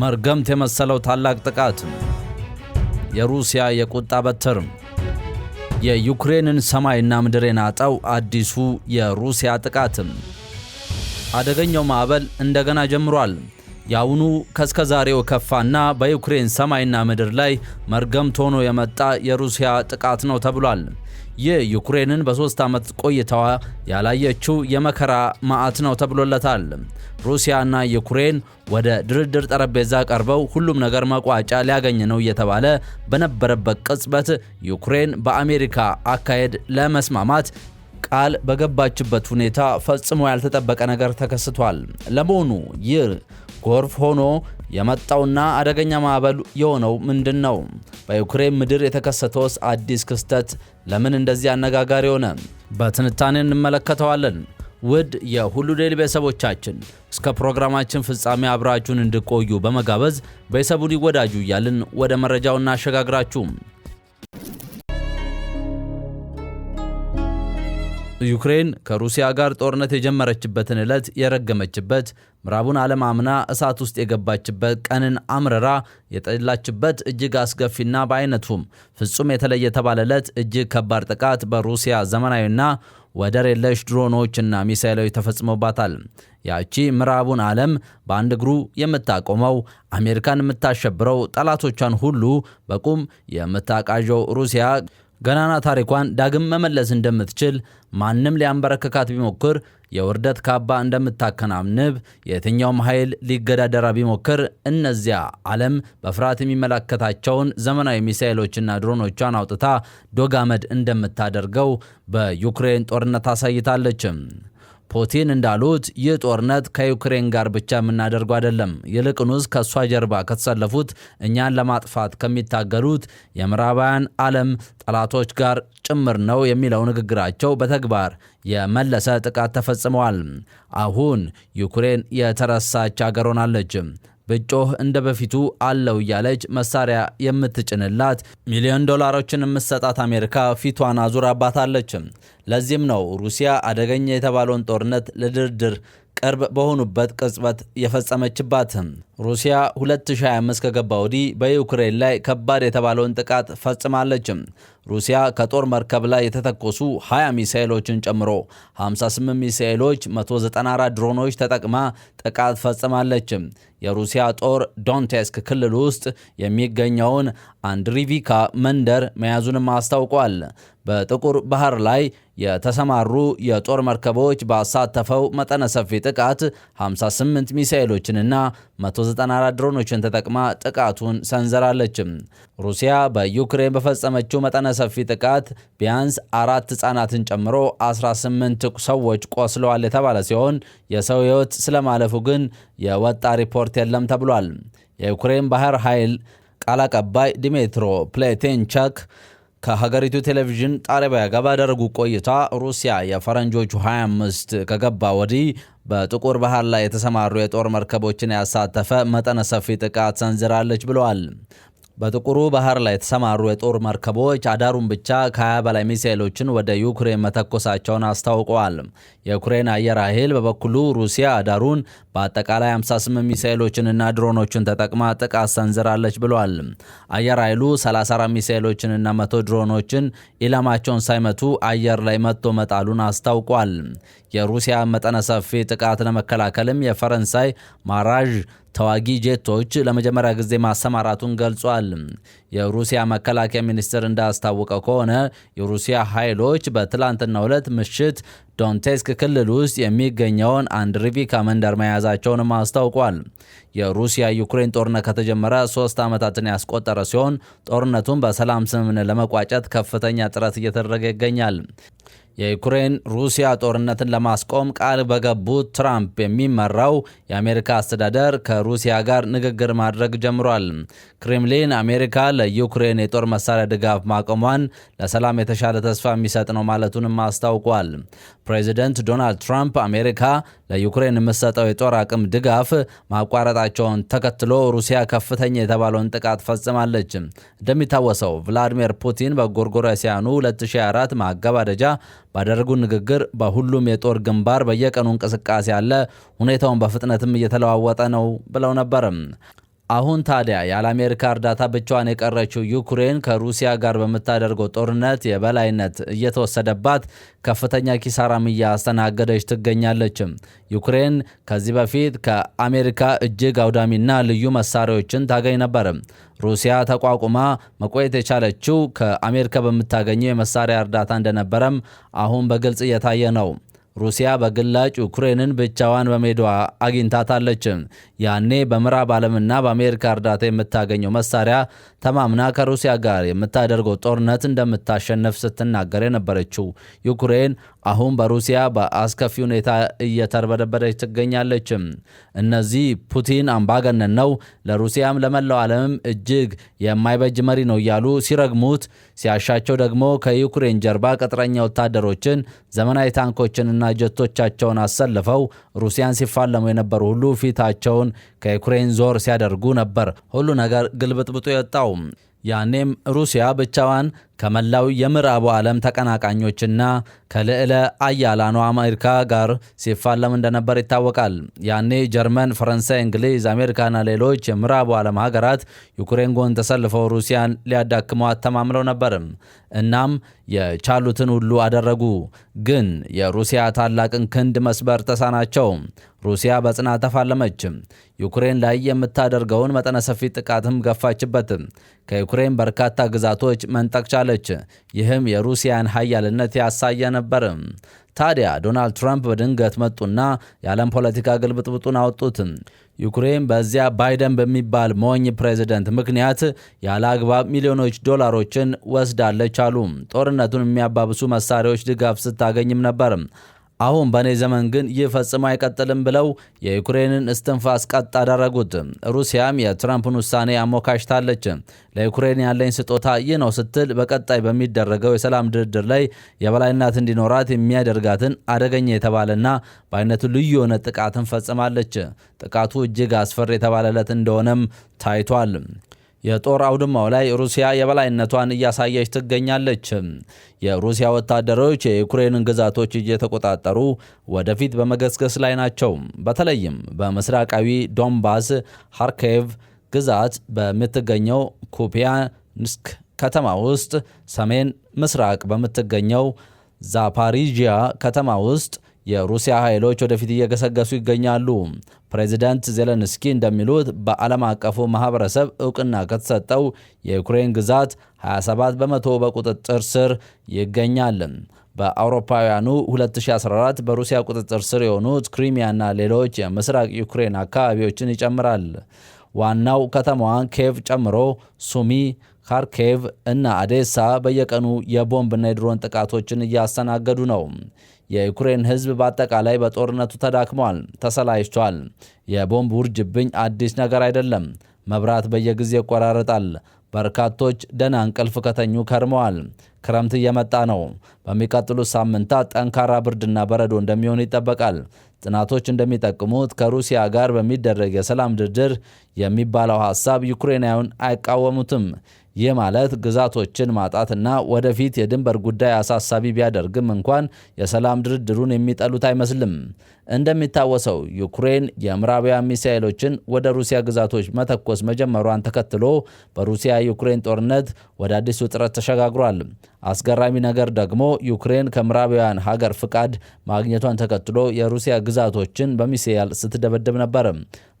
መርገምት የመሰለው ታላቅ ጥቃትም የሩሲያ የቁጣ በትርም የዩክሬንን ሰማይና ምድር የናጠው አዲሱ የሩሲያ ጥቃትም አደገኛው ማዕበል እንደገና ጀምሯል። የአሁኑ ከእስከ ዛሬው ከፋና በዩክሬን ሰማይና ምድር ላይ መርገምት ሆኖ የመጣ የሩሲያ ጥቃት ነው ተብሏል። የዩክሬንን በሶስት ዓመት ቆይታዋ ያላየችው የመከራ ማዕት ነው ተብሎለታል። ሩሲያና ዩክሬን ወደ ድርድር ጠረጴዛ ቀርበው ሁሉም ነገር መቋጫ ሊያገኝ ነው እየተባለ በነበረበት ቅጽበት ዩክሬን በአሜሪካ አካሄድ ለመስማማት ቃል በገባችበት ሁኔታ ፈጽሞ ያልተጠበቀ ነገር ተከስቷል። ለመሆኑ ይህ ጎርፍ ሆኖ የመጣውና አደገኛ ማዕበል የሆነው ምንድን ነው? በዩክሬን ምድር የተከሰተውስ አዲስ ክስተት ለምን እንደዚህ አነጋጋሪ ሆነ? በትንታኔ እንመለከተዋለን። ውድ የሁሉ ዴይሊ ቤተሰቦቻችን እስከ ፕሮግራማችን ፍጻሜ አብራችሁን እንድቆዩ በመጋበዝ ቤተሰቡን ይወዳጁ እያልን ወደ መረጃው እናሸጋግራችሁ። ዩክሬን ከሩሲያ ጋር ጦርነት የጀመረችበትን ዕለት የረገመችበት ምዕራቡን ዓለም አምና እሳት ውስጥ የገባችበት ቀንን አምረራ የጠላችበት እጅግ አስገፊና በአይነቱም ፍጹም የተለየ የተባለለት እጅግ ከባድ ጥቃት በሩሲያ ዘመናዊና ወደር የለሽ ድሮኖችና ሚሳይሎች ተፈጽሞባታል። ያቺ ምዕራቡን ዓለም በአንድ እግሩ የምታቆመው አሜሪካን የምታሸብረው ጠላቶቿን ሁሉ በቁም የምታቃዣው ሩሲያ ገናና ታሪኳን ዳግም መመለስ እንደምትችል ማንም ሊያንበረከካት ቢሞክር የውርደት ካባ እንደምታከናንብ የትኛውም ኃይል ሊገዳደራ ቢሞክር እነዚያ ዓለም በፍርሃት የሚመለከታቸውን ዘመናዊ ሚሳይሎችና ድሮኖቿን አውጥታ ዶጋመድ እንደምታደርገው በዩክሬን ጦርነት አሳይታለችም። ፑቲን እንዳሉት ይህ ጦርነት ከዩክሬን ጋር ብቻ የምናደርገው አይደለም። ይልቅኑስ ከእሷ ጀርባ ከተሰለፉት እኛን ለማጥፋት ከሚታገሉት የምዕራባውያን ዓለም ጠላቶች ጋር ጭምር ነው የሚለው ንግግራቸው በተግባር የመለሰ ጥቃት ተፈጽመዋል። አሁን ዩክሬን የተረሳች አገር ሆናለች። ብጮህ እንደ በፊቱ አለው እያለች መሳሪያ የምትጭንላት ሚሊዮን ዶላሮችን የምትሰጣት አሜሪካ ፊቷን አዙራባታለችም። ለዚህም ነው ሩሲያ አደገኛ የተባለውን ጦርነት ለድርድር ቅርብ በሆኑበት ቅጽበት የፈጸመችባት። ሩሲያ 2025 ከገባ ወዲህ በዩክሬን ላይ ከባድ የተባለውን ጥቃት ፈጽማለች። ሩሲያ ከጦር መርከብ ላይ የተተኮሱ 20 ሚሳኤሎችን ጨምሮ 58 ሚሳኤሎች፣ 194 ድሮኖች ተጠቅማ ጥቃት ፈጽማለች። የሩሲያ ጦር ዶንቴስክ ክልል ውስጥ የሚገኘውን አንድሪቪካ መንደር መያዙንም አስታውቋል። በጥቁር ባህር ላይ የተሰማሩ የጦር መርከቦች ባሳተፈው መጠነ ሰፊ ጥቃት 58 ሚሳኤሎችንና 194 ድሮኖችን ተጠቅማ ጥቃቱን ሰንዘራለች። ሩሲያ በዩክሬን በፈጸመችው መጠነ ሰፊ ጥቃት ቢያንስ አራት ሕፃናትን ጨምሮ 18 ሰዎች ቆስለዋል የተባለ ሲሆን የሰው ሕይወት ስለማለፉ ግን የወጣ ሪፖርት የለም ተብሏል። የዩክሬን ባህር ኃይል ቃል አቀባይ ዲሜትሮ ፕሌቴንቸክ ከሀገሪቱ ቴሌቪዥን ጣቢያ ጋር ባደረጉ ቆይታ ሩሲያ የፈረንጆቹ 25 ከገባ ወዲህ በጥቁር ባህር ላይ የተሰማሩ የጦር መርከቦችን ያሳተፈ መጠነ ሰፊ ጥቃት ሰንዝራለች ብለዋል። በጥቁሩ ባህር ላይ የተሰማሩ የጦር መርከቦች አዳሩን ብቻ ከ20 በላይ ሚሳይሎችን ወደ ዩክሬን መተኮሳቸውን አስታውቀዋል። የዩክሬን አየር ኃይል በበኩሉ ሩሲያ አዳሩን በአጠቃላይ 58 ሚሳይሎችንና ድሮኖችን ተጠቅማ ጥቃት ሰንዝራለች ብሏል። አየር ኃይሉ 34 ሚሳይሎችንና መቶ ድሮኖችን ኢላማቸውን ሳይመቱ አየር ላይ መቶ መጣሉን አስታውቋል። የሩሲያ መጠነ ሰፊ ጥቃት ለመከላከልም የፈረንሳይ ማራዥ ተዋጊ ጄቶች ለመጀመሪያ ጊዜ ማሰማራቱን ገልጿል። የሩሲያ መከላከያ ሚኒስቴር እንዳስታወቀው ከሆነ የሩሲያ ኃይሎች በትላንትናው ዕለት ምሽት ዶንቴስክ ክልል ውስጥ የሚገኘውን አንድሪቪካ መንደር መያዛቸውንም አስታውቋል። የሩሲያ ዩክሬን ጦርነት ከተጀመረ ሶስት ዓመታትን ያስቆጠረ ሲሆን ጦርነቱን በሰላም ስምምነት ለመቋጨት ከፍተኛ ጥረት እየተደረገ ይገኛል። የዩክሬን ሩሲያ ጦርነትን ለማስቆም ቃል በገቡት ትራምፕ የሚመራው የአሜሪካ አስተዳደር ከሩሲያ ጋር ንግግር ማድረግ ጀምሯል። ክሬምሊን አሜሪካ ለዩክሬን የጦር መሳሪያ ድጋፍ ማቆሟን ለሰላም የተሻለ ተስፋ የሚሰጥ ነው ማለቱንም አስታውቋል። ፕሬዚደንት ዶናልድ ትራምፕ አሜሪካ ለዩክሬን የምትሰጠው የጦር አቅም ድጋፍ ማቋረጣቸውን ተከትሎ ሩሲያ ከፍተኛ የተባለውን ጥቃት ፈጽማለች። እንደሚታወሰው ቭላዲሚር ፑቲን በጎርጎሮሳውያኑ 2024 ማገባደጃ ባደረጉ ንግግር በሁሉም የጦር ግንባር በየቀኑ እንቅስቃሴ አለ፣ ሁኔታውን በፍጥነትም እየተለዋወጠ ነው ብለው ነበር። አሁን ታዲያ ያለ አሜሪካ እርዳታ ብቻዋን የቀረችው ዩክሬን ከሩሲያ ጋር በምታደርገው ጦርነት የበላይነት እየተወሰደባት ከፍተኛ ኪሳራም እያስተናገደች ትገኛለች ዩክሬን ከዚህ በፊት ከአሜሪካ እጅግ አውዳሚና ልዩ መሳሪያዎችን ታገኝ ነበርም። ሩሲያ ተቋቁማ መቆየት የቻለችው ከአሜሪካ በምታገኘው የመሳሪያ እርዳታ እንደነበረም አሁን በግልጽ እየታየ ነው። ሩሲያ በግላጭ ዩክሬንን ብቻዋን በሜዳዋ አግኝታታለች። ያኔ በምዕራብ ዓለምና በአሜሪካ እርዳታ የምታገኘው መሳሪያ ተማምና ከሩሲያ ጋር የምታደርገው ጦርነት እንደምታሸንፍ ስትናገር የነበረችው ዩክሬን አሁን በሩሲያ በአስከፊ ሁኔታ እየተርበደበደች ትገኛለችም። እነዚህ ፑቲን አምባገነን ነው፣ ለሩሲያም ለመላው ዓለምም እጅግ የማይበጅ መሪ ነው እያሉ ሲረግሙት፣ ሲያሻቸው ደግሞ ከዩክሬን ጀርባ ቅጥረኛ ወታደሮችን፣ ዘመናዊ ታንኮችንና ጀቶቻቸውን አሰልፈው ሩሲያን ሲፋለሙ የነበሩ ሁሉ ፊታቸውን ከዩክሬን ዞር ሲያደርጉ ነበር። ሁሉ ነገር ግልብጥብጡ የወጣው ያኔም ሩሲያ ብቻዋን ከመላው የምዕራቡ ዓለም ተቀናቃኞችና ከልዕለ አያላኑ አሜሪካ ጋር ሲፋለም እንደነበር ይታወቃል። ያኔ ጀርመን፣ ፈረንሳይ፣ እንግሊዝ፣ አሜሪካና ሌሎች የምዕራቡ ዓለም ሀገራት ዩክሬን ጎን ተሰልፈው ሩሲያን ሊያዳክመው አተማምለው ነበርም። እናም የቻሉትን ሁሉ አደረጉ። ግን የሩሲያ ታላቅን ክንድ መስበር ተሳናቸው። ሩሲያ በጽናት ተፋለመች። ዩክሬን ላይ የምታደርገውን መጠነ ሰፊ ጥቃትም ገፋችበት። ከዩክሬን በርካታ ግዛቶች መንጠቅቻ ቻለች። ይህም የሩሲያን ሀያልነት ያሳየ ነበር። ታዲያ ዶናልድ ትራምፕ በድንገት መጡና የዓለም ፖለቲካ ግልብጥብጡን አወጡት። ዩክሬን በዚያ ባይደን በሚባል ሞኝ ፕሬዚደንት ምክንያት ያለ አግባብ ሚሊዮኖች ዶላሮችን ወስዳለች አሉ። ጦርነቱን የሚያባብሱ መሳሪያዎች ድጋፍ ስታገኝም ነበር። አሁን በእኔ ዘመን ግን ይህ ፈጽሞ አይቀጥልም ብለው የዩክሬንን እስትንፋስ ቀጥ አደረጉት። ሩሲያም የትራምፕን ውሳኔ አሞካሽታለች። ለዩክሬን ያለኝ ስጦታ ይህ ነው ስትል በቀጣይ በሚደረገው የሰላም ድርድር ላይ የበላይነት እንዲኖራት የሚያደርጋትን አደገኛ የተባለና በአይነቱ ልዩ የሆነ ጥቃትን ፈጽማለች። ጥቃቱ እጅግ አስፈሪ የተባለለት እንደሆነም ታይቷል። የጦር አውድማው ላይ ሩሲያ የበላይነቷን እያሳየች ትገኛለች። የሩሲያ ወታደሮች የዩክሬንን ግዛቶች እየተቆጣጠሩ ወደፊት በመገስገስ ላይ ናቸው። በተለይም በምስራቃዊ ዶንባስ ሃርኬቭ ግዛት በምትገኘው ኩፒያንስክ ከተማ ውስጥ፣ ሰሜን ምስራቅ በምትገኘው ዛፓሪጂያ ከተማ ውስጥ የሩሲያ ኃይሎች ወደፊት እየገሰገሱ ይገኛሉ። ፕሬዚዳንት ዜሌንስኪ እንደሚሉት በዓለም አቀፉ ማህበረሰብ እውቅና ከተሰጠው የዩክሬን ግዛት 27 በመቶ በቁጥጥር ስር ይገኛል። በአውሮፓውያኑ 2014 በሩሲያ ቁጥጥር ስር የሆኑት ክሪሚያና ሌሎች የምስራቅ ዩክሬን አካባቢዎችን ይጨምራል። ዋናው ከተማዋን ኬቭ ጨምሮ ሱሚ ካርኬቭ እና አዴሳ በየቀኑ የቦምብና የድሮን ጥቃቶችን እያስተናገዱ ነው። የዩክሬን ሕዝብ በአጠቃላይ በጦርነቱ ተዳክሟል፣ ተሰላይቷል። የቦምብ ውርጅብኝ አዲስ ነገር አይደለም። መብራት በየጊዜ ይቆራረጣል። በርካቶች ደህና እንቅልፍ ከተኙ ከርመዋል። ክረምት እየመጣ ነው። በሚቀጥሉት ሳምንታት ጠንካራ ብርድና በረዶ እንደሚሆን ይጠበቃል። ጥናቶች እንደሚጠቅሙት ከሩሲያ ጋር በሚደረግ የሰላም ድርድር የሚባለው ሀሳብ ዩክሬናዊያን አይቃወሙትም። ይህ ማለት ግዛቶችን ማጣትና ወደፊት የድንበር ጉዳይ አሳሳቢ ቢያደርግም እንኳን የሰላም ድርድሩን የሚጠሉት አይመስልም። እንደሚታወሰው ዩክሬን የምዕራባውያን ሚሳኤሎችን ወደ ሩሲያ ግዛቶች መተኮስ መጀመሯን ተከትሎ በሩሲያ ዩክሬን ጦርነት ወደ አዲስ ውጥረት ተሸጋግሯል። አስገራሚ ነገር ደግሞ ዩክሬን ከምዕራባውያን ሀገር ፍቃድ ማግኘቷን ተከትሎ የሩሲያ ግዛቶችን በሚሳኤል ስትደበድብ ነበር።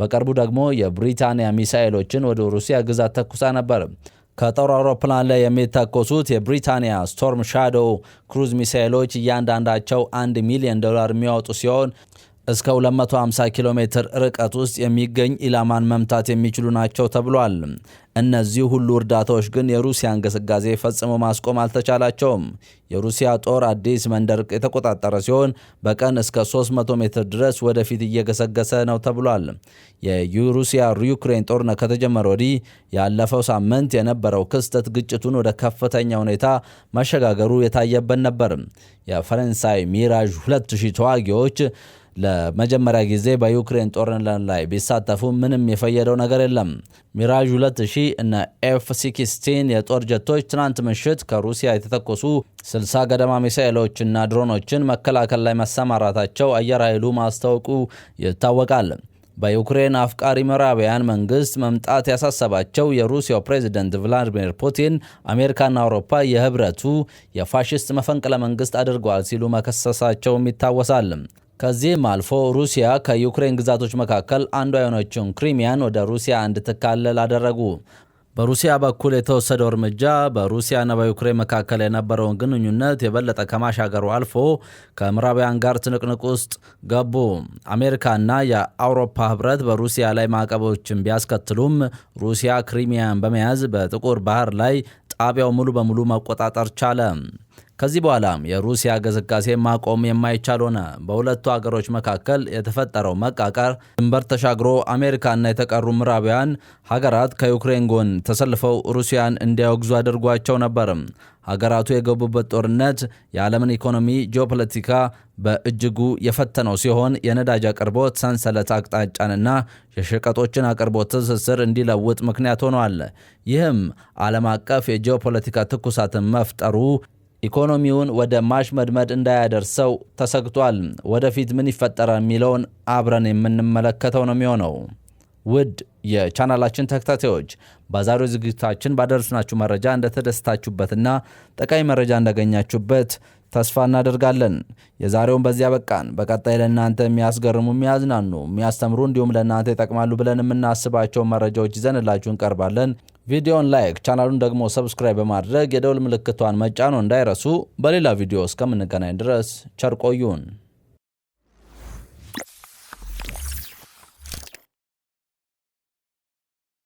በቅርቡ ደግሞ የብሪታንያ ሚሳኤሎችን ወደ ሩሲያ ግዛት ተኩሳ ነበር። ከጦር አውሮፕላን ላይ የሚተኮሱት የብሪታንያ ስቶርም ሻዶው ክሩዝ ሚሳኤሎች እያንዳንዳቸው አንድ ሚሊዮን ዶላር የሚያወጡ ሲሆን እስከ 250 ኪሎ ሜትር ርቀት ውስጥ የሚገኝ ኢላማን መምታት የሚችሉ ናቸው ተብሏል። እነዚህ ሁሉ እርዳታዎች ግን የሩሲያ እንቅስቃሴ ፈጽሞ ማስቆም አልተቻላቸውም። የሩሲያ ጦር አዲስ መንደር የተቆጣጠረ ሲሆን በቀን እስከ 300 ሜትር ድረስ ወደፊት እየገሰገሰ ነው ተብሏል። የሩሲያ ዩክሬን ጦርነት ከተጀመረ ወዲህ ያለፈው ሳምንት የነበረው ክስተት ግጭቱን ወደ ከፍተኛ ሁኔታ መሸጋገሩ የታየበት ነበር። የፈረንሳይ ሚራዥ 2000 ተዋጊዎች ለመጀመሪያ ጊዜ በዩክሬን ጦርነት ላይ ቢሳተፉ ምንም የፈየደው ነገር የለም። ሚራዥ 2000 እና ኤፍ 16 የጦር ጀቶች ትናንት ምሽት ከሩሲያ የተተኮሱ 60 ገደማ ሚሳኤሎችና ድሮኖችን መከላከል ላይ መሰማራታቸው አየር ኃይሉ ማስታወቁ ይታወቃል። በዩክሬን አፍቃሪ ምዕራባውያን መንግስት መምጣት ያሳሰባቸው የሩሲያው ፕሬዚደንት ቭላዲሚር ፑቲን አሜሪካና አውሮፓ የህብረቱ የፋሽስት መፈንቅለ መንግስት አድርገዋል ሲሉ መከሰሳቸውም ይታወሳል። ከዚህም አልፎ ሩሲያ ከዩክሬን ግዛቶች መካከል አንዷ የሆነችውን ክሪሚያን ወደ ሩሲያ እንድትካለል አደረጉ። በሩሲያ በኩል የተወሰደው እርምጃ በሩሲያና በዩክሬን መካከል የነበረውን ግንኙነት የበለጠ ከማሻገሩ አልፎ ከምዕራባውያን ጋር ትንቅንቅ ውስጥ ገቡ። አሜሪካና የአውሮፓ ሕብረት በሩሲያ ላይ ማዕቀቦችን ቢያስከትሉም ሩሲያ ክሪሚያን በመያዝ በጥቁር ባህር ላይ ጣቢያው ሙሉ በሙሉ መቆጣጠር ቻለ። ከዚህ በኋላ የሩሲያ ግስጋሴ ማቆም የማይቻል ሆነ። በሁለቱ አገሮች መካከል የተፈጠረው መቃቃር ድንበር ተሻግሮ አሜሪካና የተቀሩ ምዕራባውያን ሀገራት ከዩክሬን ጎን ተሰልፈው ሩሲያን እንዲያወግዙ አድርጓቸው ነበር። ሀገራቱ የገቡበት ጦርነት የዓለምን ኢኮኖሚ ጂኦፖለቲካ በእጅጉ የፈተነው ሲሆን የነዳጅ አቅርቦት ሰንሰለት አቅጣጫንና የሸቀጦችን አቅርቦት ትስስር እንዲለውጥ ምክንያት ሆኗል። ይህም ዓለም አቀፍ የጂኦፖለቲካ ትኩሳትን መፍጠሩ ኢኮኖሚውን ወደ ማሽመድመድ እንዳያደርሰው ተሰግቷል። ወደፊት ምን ይፈጠራል የሚለውን አብረን የምንመለከተው ነው የሚሆነው። ውድ የቻናላችን ተከታታዮች በዛሬው ዝግጅታችን ባደረስናችሁ መረጃ እንደተደስታችሁበትና ጠቃሚ መረጃ እንዳገኛችሁበት ተስፋ እናደርጋለን። የዛሬውን በዚያ በቃን። በቀጣይ ለእናንተ የሚያስገርሙ፣ የሚያዝናኑ፣ የሚያስተምሩ እንዲሁም ለእናንተ ይጠቅማሉ ብለን የምናስባቸውን መረጃዎች ይዘንላችሁ እንቀርባለን። ቪዲዮን ላይክ፣ ቻናሉን ደግሞ ሰብስክራይብ በማድረግ የደውል ምልክቷን መጫኖ እንዳይረሱ። በሌላ ቪዲዮ እስከምንገናኝ ድረስ ቸርቆዩን